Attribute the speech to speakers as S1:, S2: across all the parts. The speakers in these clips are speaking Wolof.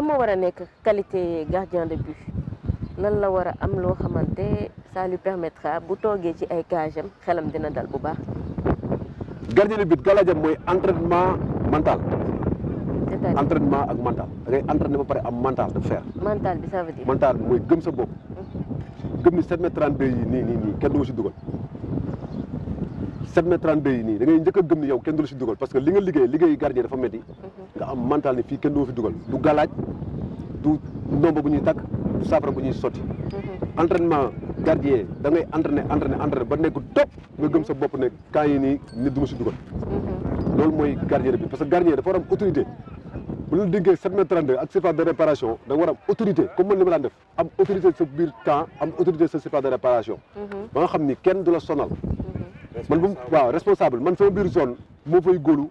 S1: lan moo war a nekk qualité gardien de but lan la war a am loo xamante ça lui permettra bu toogee ci ay cage xelam dina dal bu baax.
S2: gardien de but galaajam mooy entraînement mental. entraînement ak mental da ngay entraîné ba pare am mental de fer.
S1: mental bi ça veut dire.
S2: mental bi mooy gëm sa bopp. Mhm. gëm ni 7 mètre 32 yi nii nii nii kenn du ko si dugal 7 mètre 32 yi nii da ngay njëkk a gëm ni yow kenn du la si dugal parce que li nga liggéey liggéey gardien dafa métti. Mhm. nga am mental ni fii kenn du ma fi dugal du galaaj du ndomba bu ñuy takk du saafara bu ñuy sotti
S3: mhm.
S2: entraînement gardien da ngay entraîné ba nekk topp nga gëm sa bopp ne cas yi nii du ma si dugal mhm. loolu mooy gardien bi parce que gardien dafa war am autorité bu ñu la déggee 7 mètre de am autorité sa biir camp am autorité sa surface de réparation mhm. ba nga xam ni kenn du la sonal man bu waaw responsable man sama biir zone moo fay góolu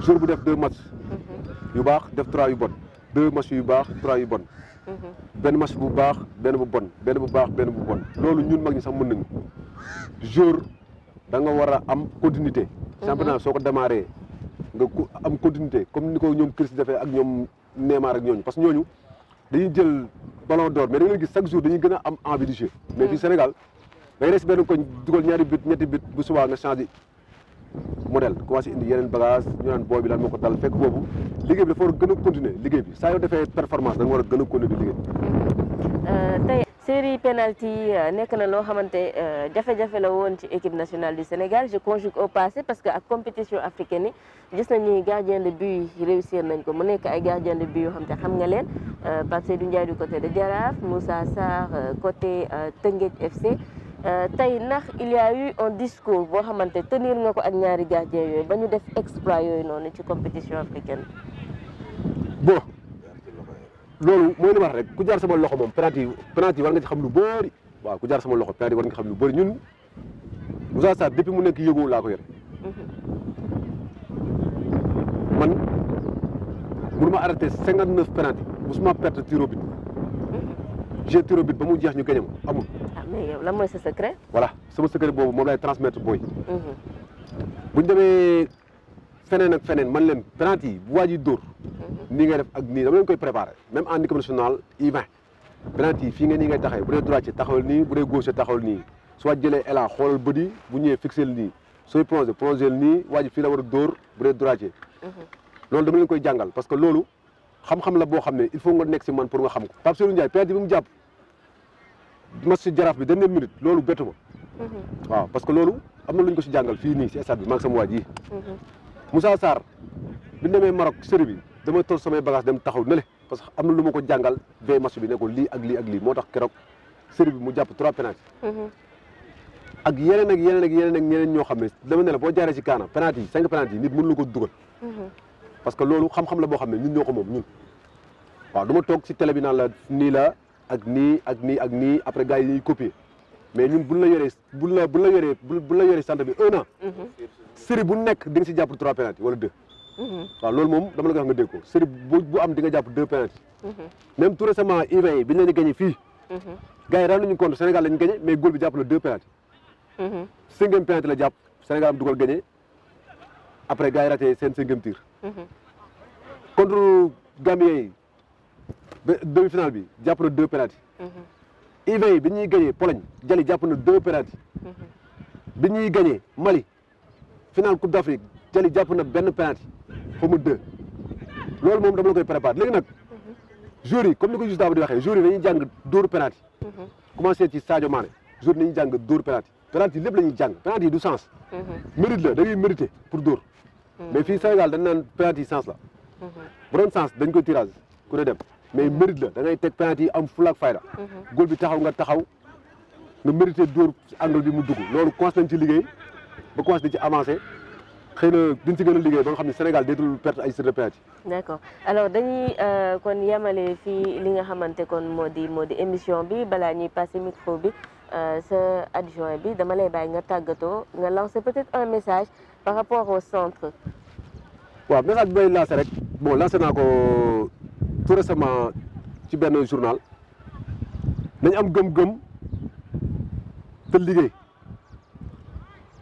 S2: jour bu def deux match mhm. yu baax def trois yu bon deux match yu baax trois yu bon mhm. benn match bu baax benn bu bon benn bu baax benn bu bon loolu ñun mag ñi sax mën nañu jour da nga war am continuité mhm. championnat soo ko démarré nga am continuité comme ni ko ñoom Chris defee ak ñoom Neymar ak ñooñu parce que ñooñu dañuy jël ballon d'or mais da nga gis chaque jour dañuy gën am envie de jeu mais fii Sénégal da ngay des benn koñ dugal ñaari but ñetti but bu subaa nga changé modèle commencé indi yeneen bagage ñu naan booy bi lan moo ko dal fekk boobu liggéey bi dafa war gën a continuer liggéey bi saa yoo defee performance da war a gën a continuer liggéey
S1: euh, tey série penalty euh, nekk na loo xamante euh, jafe-jafe la woon ci équipe nationale du Sénégal je conjugue au passé parce que ak compétition africaine yi gis nañu gardien de but yi réussir nañ ko mu nekk ay gardien de but yoo xam te xam nga leen Pape Seydou Ndiaye du côté de Jaraaf Moussa Sarr côté Teungueth FC Euh, tey ndax il y a eu un discours boo xamante tenir nga ko ak ñaari gardien yooyu ba ñu def exploit yooyu noonu ci compétition africaine bon
S2: loolu mooy li ma wax rek ku jaar sama loxo moom penalty penalty war nga ci xam lu bëri waaw ku jaar sama loxo penalty war nga xam lu bëri ñun Moussa Sarr depuis mu nekk yëgoo laa ko yore mhm. man mënuma arrêté cinquante neuf penalty musuma perte tiro bit mhm. j'ai tiro bit ba mu jeex ñu gañam amul
S1: mais yow lan mooy sa secret.
S2: voilà sama secret boobu moom lay transmettre booy. Mhm. bu ñu demee feneen ak feneen man leen penalty yi bu waaj yi dóor. Mhm. nii ngay def ak nii dama leen koy préparé même en équipe nationale U20. penalty yi fii nga nii ngay taxawee bu dee droitier taxawal nii bu dee gauche taxawal nii sooy plongé plongé nii waaj fii la war a dóor bu dee droitier. Mhm. loolu dama leen koy jàngal parce que loolu xam-xam la boo xam ne il faut nga nekk si man Masu jaraf bi dernière minute loolu bettu ma mhm. waaw parce que loolu am na lu ñu ko si jàngal fii nii si stade bi maag sama waa ji mhm. Moussa Sarr bi ñu demee Maroc série bi dama toog samay bagage dem taxaw ne parce que am na ko jàngal veille match bi ne ko lii ak lii ak lii moo tax keroog série bi mu jàpp trois penalty mhm. ak yeneen ak yeneen ak yeneen ak ñeneen ñoo xam dama ne la boo jaaree si kaana penalty yi cinq penalty yi nit mënu la ko dugal parce que loolu xam-xam la boo xam ne ñun ñoo ko ñun waaw du ma toog si télé bi naan la nii la ak nii ak nii ak nii après gars yi ñuy copier mais ñun buñ la yoree buñ la buñ la yoree buñ bu nekk di nga si jàpp trois penalty wala deux. waaw loolu moom dama la ko wax nga dégg ko série bu bu am di nga jàpp deux penalty. même tout récemment u yi bi ñu leen gagné fii. gars yi daan nañu compte Sénégal lañu gagné mais góol bi jàpp na deux penalty. Sénégal am dugal gagné après gars yi seen cinquième tir. contre Gambie yi. ba demi final bi jàpp na deux mm-hmm. bi ñuy gagné Pologne Jali jàpp na deux penalty. Mm-hmm. bi ñuy gagné Mali final Coupe d'Afrique Jali jàpp na benn penalty xaw de deux loolu moom dama la koy préparé léegi nag. Mm-hmm. joueurs yi comme ni ko juste avant di waxee joueurs yi dañuy jàng dóor penalty. commencé ci Sadio Mané joueurs yi dañuy jàng dóor penalty penalty lépp la du sens. mérite la da ngay mérité pour mais fii Sénégal dañ naan penalty sens la. bu sens dañ koy tirage ku dem. mais mérite la da ngay teg penalty yi am fulla ak fayda. Mhm. góol bi taxaw nga taxaw nga mérité dóor ci angle bi mu dugg lolu commencé ci liguey ba commencé nañ ci avancer xëy na duñ ci gën liguey liggéey ba nga xamni Sénégal deetul perte ay sur de penalty
S1: yi. alors dañuy euh, kon yamalé fi li nga xamanté kon modi modi émission bi bala ñuy passer micro bi ce euh, adjoint bi dama lay bay nga tagato nga lancer peut-être un message par rapport au centre.
S2: waaw message bay lancer rek bon lancé nako tout récemment ci benn journal nañ am gëm-gëm te liggéey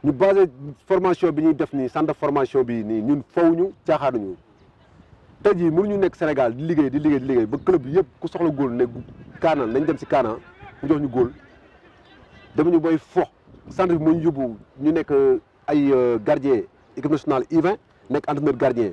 S2: ñu basé formation bi ñuy def nii centre formation bi nii ñun faw ñu caaxaanuñu te jii ñu nekk Sénégal di liggéey di liggéey liggéey ba club yëpp ku soxla góol ne kaana nañ dem si kaana mu jox ñu góol dama ñu booy fo centre bi moo ñu ñu nekk ay euh, gardien équipe nationale u nekk entraîneur gardien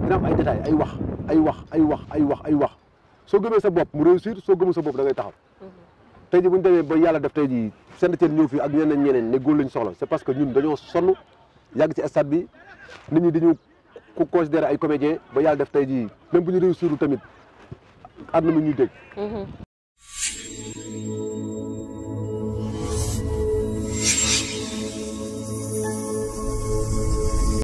S2: dina am ay détails ay wax ay wax ay wax ay wax soo gëmee sa bopp mu réussir soo gëmul sa bopp dangay taxaw mhm. tey ji bu ñu demee ba yàlla def tey ji seen cër ñëw fii ak ñeneen ñeneen ne góor lañ soxla c'est parce que ñun dañoo sonn yàgg ci stade bi nit ñi dañu ko considéré ay comédien ba yàlla def tey ji même bu ñu réussirul tamit am na mu ñuy dégg
S3: mhm.